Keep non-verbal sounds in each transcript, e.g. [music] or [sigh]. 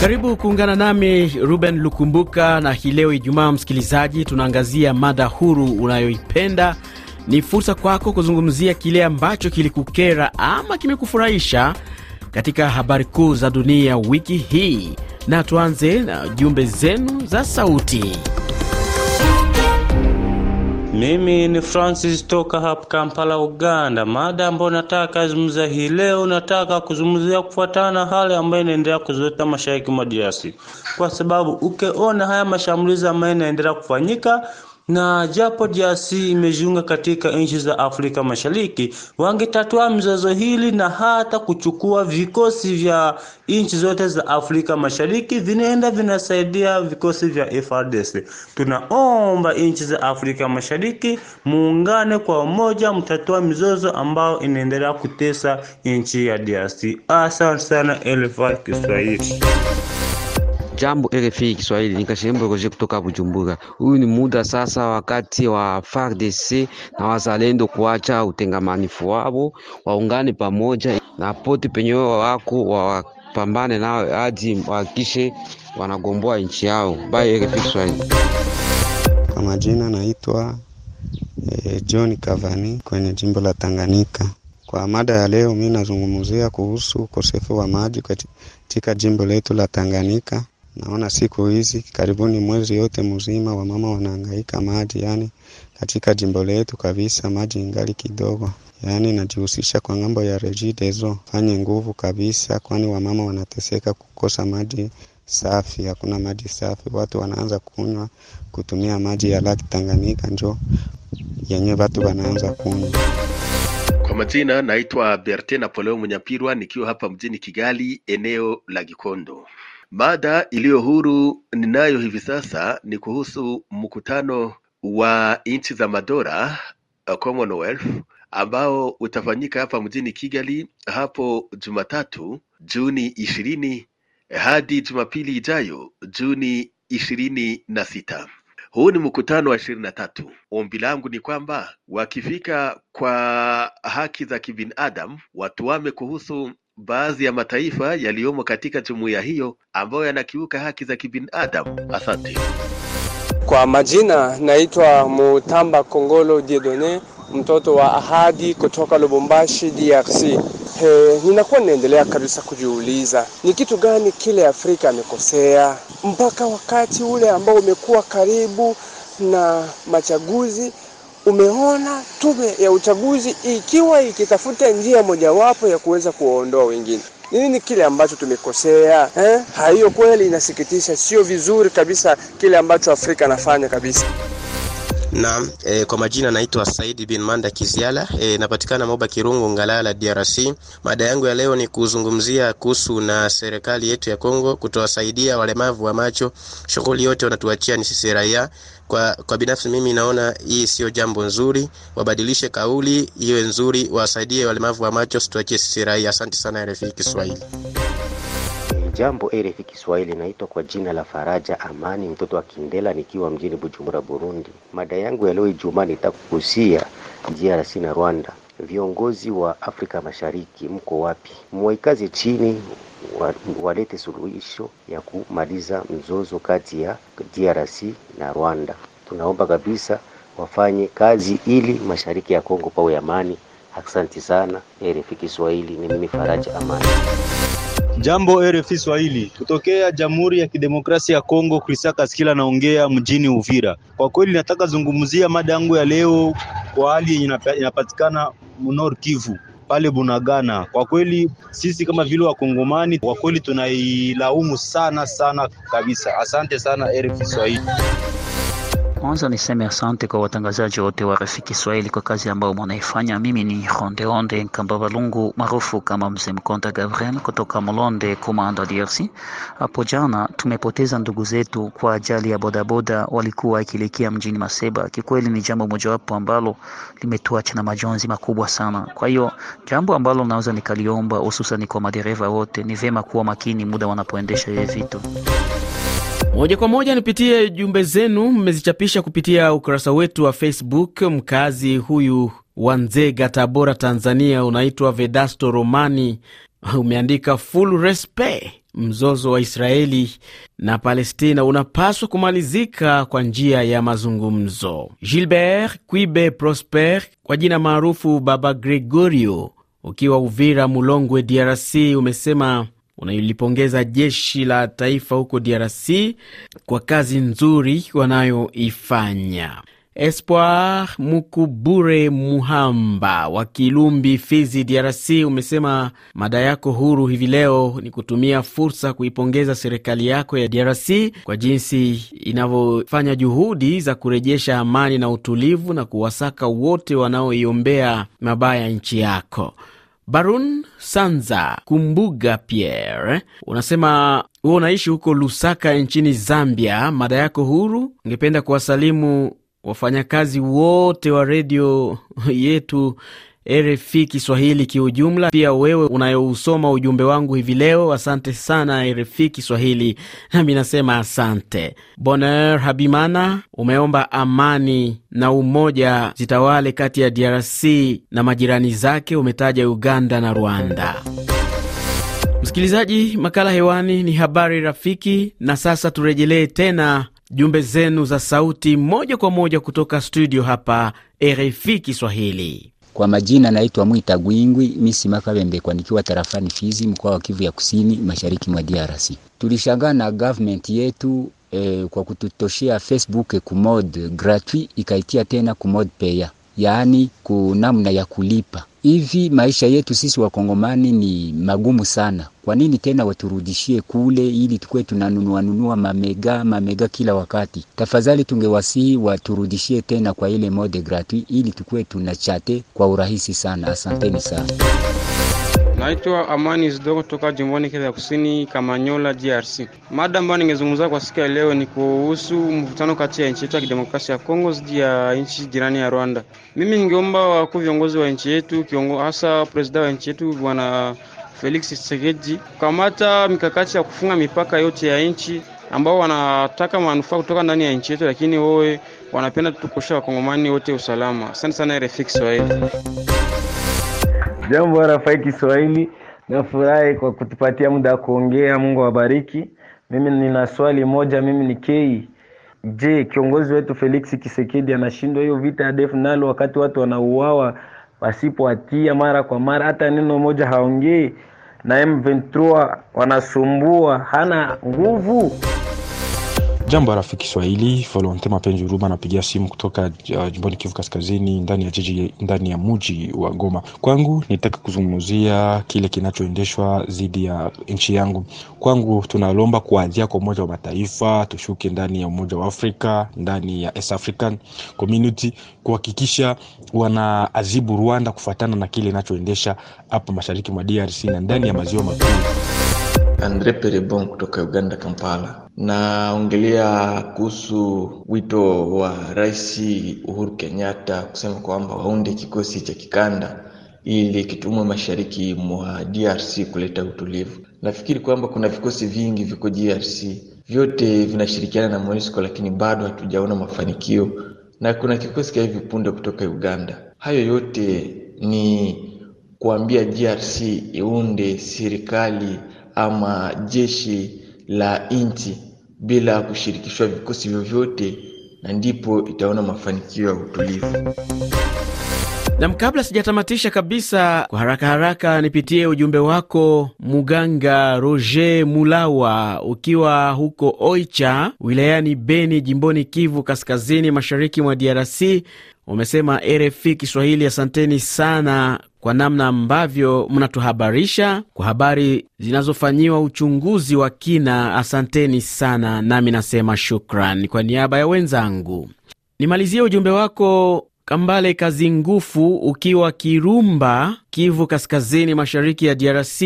Karibu kuungana nami Ruben Lukumbuka, na hii leo Ijumaa, msikilizaji, tunaangazia mada huru unayoipenda. Ni fursa kwako kuzungumzia kile ambacho kilikukera ama kimekufurahisha katika habari kuu za dunia wiki hii, na tuanze na jumbe zenu za sauti. Mimi ni Francis toka hapa Kampala, Uganda. Mada ambayo nataka zungumza hii leo, nataka kuzungumzia kufuatana hali ambayo inaendelea kuzoeta mashariki mwa DRC, kwa sababu ukiona haya mashambulizi ambayo inaendelea kufanyika na japo DRC imejiunga katika nchi za Afrika Mashariki, wangetatua mzozo hili na hata kuchukua vikosi vya nchi zote za Afrika Mashariki vinaenda vinasaidia vikosi vya frdc Tunaomba nchi za Afrika Mashariki muungane kwa umoja, mtatua mizozo ambao inaendelea kutesa nchi ya DRC. Asante sana elfa Kiswahili. Jambo RFI Kiswahili, nikashembo kutoka Bujumbura. Huyu ni muda sasa wakati wa FARDC na wazalendo kuacha utengamanifu wao, waungane pamoja na poti penye wako wapambane nao hadi wahakishe wanagomboa nchi yao. Bye RFI Kiswahili. Kwa majina naitwa eh, John Kavani kwenye jimbo la Tanganyika. Kwa mada ya leo, mimi nazungumzia kuhusu ukosefu wa maji katika jimbo letu la Tanganyika. Naona siku hizi karibuni mwezi yote mzima wamama wanahangaika maji, yani katika jimbo letu kabisa maji ingali kidogo. Yani najihusisha kwa ngambo ya Regideso, fanye nguvu kabisa, kwani wamama wanateseka kukosa maji safi. Hakuna maji safi, watu wanaanza kunywa kutumia maji ya Lake Tanganyika, njo yenye watu wanaanza kunywa. Kwa majina naitwa Berte Napoleo Munyapirwa, nikiwa hapa mjini Kigali, eneo la Gikondo. Mada iliyo huru ninayo hivi sasa ni kuhusu mkutano wa nchi za madola uh, Commonwealth ambao utafanyika hapa mjini Kigali hapo Jumatatu Juni ishirini eh, hadi Jumapili ijayo Juni ishirini na sita. Huu ni mkutano wa ishirini na tatu. Ombi langu ni kwamba wakifika kwa haki za kibinadamu watuame kuhusu baadhi ya mataifa yaliyomo katika jumuiya hiyo ambayo yanakiuka haki za kibinadamu. Asante. Kwa majina naitwa Mutamba Kongolo Diedone, mtoto wa ahadi kutoka Lubumbashi, DRC. He, ninakuwa ninaendelea kabisa kujiuliza ni kitu gani kile Afrika amekosea mpaka wakati ule ambao umekuwa karibu na machaguzi umeona tume ya uchaguzi ikiwa ikitafuta njia mojawapo ya kuweza kuwaondoa wengine. Nini kile ambacho tumekosea eh? Haiyo kweli inasikitisha, sio vizuri kabisa kile ambacho Afrika anafanya kabisa na e, kwa majina naitwa Saidi bin Manda Kiziala e, napatikana Moba Kirungu Ngalala DRC. Mada yangu ya leo ni kuzungumzia kuhusu na serikali yetu ya Kongo kutowasaidia walemavu wa macho, shughuli yote wanatuachia ni sisi raia. Kwa, kwa binafsi mimi naona hii sio jambo nzuri, wabadilishe kauli iwe nzuri, wasaidie walemavu wa macho, situachie sisi raia. Asante sana RFI Kiswahili. Hujambo RFI Kiswahili, naitwa kwa jina la Faraja Amani, mtoto wa Kindela, nikiwa mjini Bujumbura, Burundi. Mada yangu ya leo Ijumaa nitakuhusia DRC na Rwanda. Viongozi wa Afrika Mashariki, mko wapi? Mwaikaze chini, walete suluhisho ya kumaliza mzozo kati ya DRC na Rwanda. Tunaomba kabisa wafanye kazi ili mashariki ya Kongo pawe amani. Asante sana RFI Kiswahili, ni mimi Faraja Amani. Jambo RFI Swahili, kutokea Jamhuri ya Kidemokrasia ya Kongo, Krista Kaskila naongea mjini Uvira. Kwa kweli nataka zungumzia mada yangu ya leo kwa hali yenye inapatikana Nord Kivu pale Bunagana. Kwa kweli sisi kama vile Wakongomani, kwa kweli tunailaumu sana sana kabisa. Asante sana RFI Swahili. Kwanza niseme asante kwa watangazaji wote wa rafiki Kiswahili kwa kazi ambayo mnaifanya. Mimi ni Honde Honde Rondeonde Nkambabalungu maarufu kama Mzee Mkonta Gabriel kutoka Molonde Komando DRC. Hapo jana tumepoteza ndugu zetu kwa ajali ya bodaboda walikuwa wakielekea mjini Maseba. Kikweli ni jambo mojawapo ambalo limetuacha na majonzi makubwa sana. Kwa hiyo jambo ambalo naweza nikaliomba, hususan kwa madereva wote, ni vema kuwa makini muda wanapoendesha hivi vitu. Moja kwa moja nipitie jumbe zenu mmezichapisha kupitia ukurasa wetu wa Facebook. Mkazi huyu wa Nzega, Tabora, Tanzania, unaitwa Vedasto Romani, umeandika full respect. Mzozo wa Israeli na Palestina unapaswa kumalizika kwa njia ya mazungumzo. Gilbert Quibe Prosper, kwa jina maarufu Baba Gregorio, ukiwa Uvira Mulongwe, DRC, umesema unalipongeza jeshi la taifa huko DRC kwa kazi nzuri wanayoifanya. Espoir Mukubure Muhamba wa Kilumbi, Fizi, DRC, umesema mada yako huru hivi leo ni kutumia fursa kuipongeza serikali yako ya DRC kwa jinsi inavyofanya juhudi za kurejesha amani na utulivu na kuwasaka wote wanaoiombea mabaya nchi yako. Barun Sanza Kumbuga Pierre unasema huwa unaishi huko Lusaka nchini Zambia. Mada yako huru, ningependa kuwasalimu wafanyakazi wote wa redio yetu RFI Kiswahili kiujumla, pia wewe unayousoma ujumbe wangu hivi leo. Asante sana RFI Kiswahili, [laughs] nami nasema asante. Bonheur Habimana, umeomba amani na umoja zitawale kati ya DRC na majirani zake, umetaja Uganda na Rwanda. Msikilizaji, makala hewani ni habari rafiki, na sasa turejelee tena jumbe zenu za sauti moja kwa moja kutoka studio hapa RFI Kiswahili. Kwa majina naitwa Mwita Gwingwi Misi kwa nikiwa tarafani Fizi, mkoa wa Kivu ya Kusini, mashariki mwa DRC. Tulishangaa na government yetu e, kwa kututoshea Facebook ku mode gratuit, ikaitia tena ku mode payer, yaani kunamna ya kulipa hivi maisha yetu sisi wakongomani ni magumu sana. Kwa nini tena waturudishie kule ili tukuwe tunanunua nunua mamega mamega kila wakati? Tafadhali tungewasihi waturudishie tena kwa ile mode gratuit ili tukuwe tunachate kwa urahisi sana. Asanteni sana. Naitwa Amani Zidoro kutoka jimboni Kivu ya Kusini, Kamanyola, DRC. Mada ambayo ningezungumza kwa siku ya leo ni kuhusu mvutano kati ya nchi yetu ya kidemokrasia ya Kongo dhidi ya nchi jirani ya Rwanda. Mimi ningeomba wakuu viongozi wa nchi yetu, hasa presida wa nchi yetu bwana Felix Tshisekedi kukamata mikakati ya kufunga mipaka yote ya nchi ambao wanataka manufaa kutoka ndani ya nchi yetu, lakini wowe wanapenda tukosha wakongomani wote usalama. Asante sana RFI Kiswahili. Jambo rafai Kiswahili, nafurahi kwa kutupatia muda wa kuongea. Mungu awabariki. Mimi nina swali moja, mimi ni K. Je, kiongozi wetu Felix Kisekedi anashindwa hiyo vita ya ADF nalo, wakati watu wanauawa pasipo mara kwa mara, hata neno moja haongei, na M23 wanasumbua, hana nguvu Jambo rafiki Kiswahili, Volonte Mapenzi Huruma napigia simu kutoka uh, jimboni Kivu Kaskazini, ndani ya jiji, ndani ya muji wa Goma. Kwangu nitaka kuzungumzia kile kinachoendeshwa dhidi ya nchi yangu. Kwangu tunalomba kuanzia kwa Umoja wa Mataifa, tushuke ndani ya Umoja wa Afrika, ndani ya East African Community kuhakikisha wana Rwanda kufuatana na kile inachoendesha hapa mashariki mwa DRC na ndani ya maziwa makuu. Andre Perebon kutoka Uganda, Kampala. Naongelea kuhusu wito wa Rais Uhuru Kenyatta kusema kwamba waunde kikosi cha kikanda ili kitumwe mashariki mwa DRC kuleta utulivu. Nafikiri kwamba kuna vikosi vingi viko DRC, vyote vinashirikiana na MONUSCO, lakini bado hatujaona mafanikio, na kuna kikosi cha hivi punde kutoka Uganda. Hayo yote ni kuambia DRC iunde serikali ama jeshi la nchi bila kushirikishwa vikosi vyovyote, na ndipo itaona mafanikio ya utulivu. Nam, kabla sijatamatisha kabisa, kwa haraka haraka nipitie ujumbe wako Muganga Roger Mulawa, ukiwa huko Oicha wilayani Beni, jimboni Kivu Kaskazini, mashariki mwa DRC wamesema RFI Kiswahili, asanteni sana kwa namna ambavyo mnatuhabarisha kwa habari zinazofanyiwa uchunguzi wa kina. Asanteni sana, nami nasema shukran kwa niaba ya wenzangu. Nimalizie ujumbe wako Kambale Kazi Ngufu ukiwa Kirumba, Kivu Kaskazini, mashariki ya DRC.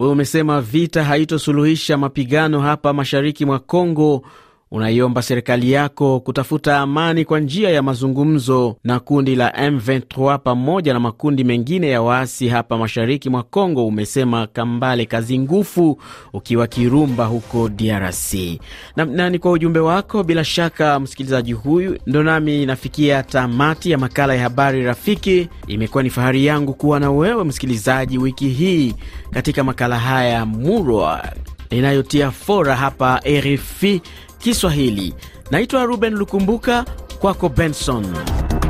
Wewe umesema vita haitosuluhisha mapigano hapa mashariki mwa Kongo unaiomba serikali yako kutafuta amani kwa njia ya mazungumzo na kundi la M23 pamoja na makundi mengine ya waasi hapa mashariki mwa Kongo, umesema Kambale Kazi Ngufu ukiwa Kirumba huko DRC. Na, na ni kwa ujumbe wako bila shaka msikilizaji huyu, ndo nami nafikia tamati ya makala ya habari rafiki. Imekuwa ni fahari yangu kuwa na wewe msikilizaji wiki hii katika makala haya murwa inayotia fora hapa RFI Kiswahili. Naitwa Ruben Lukumbuka, kwako Benson.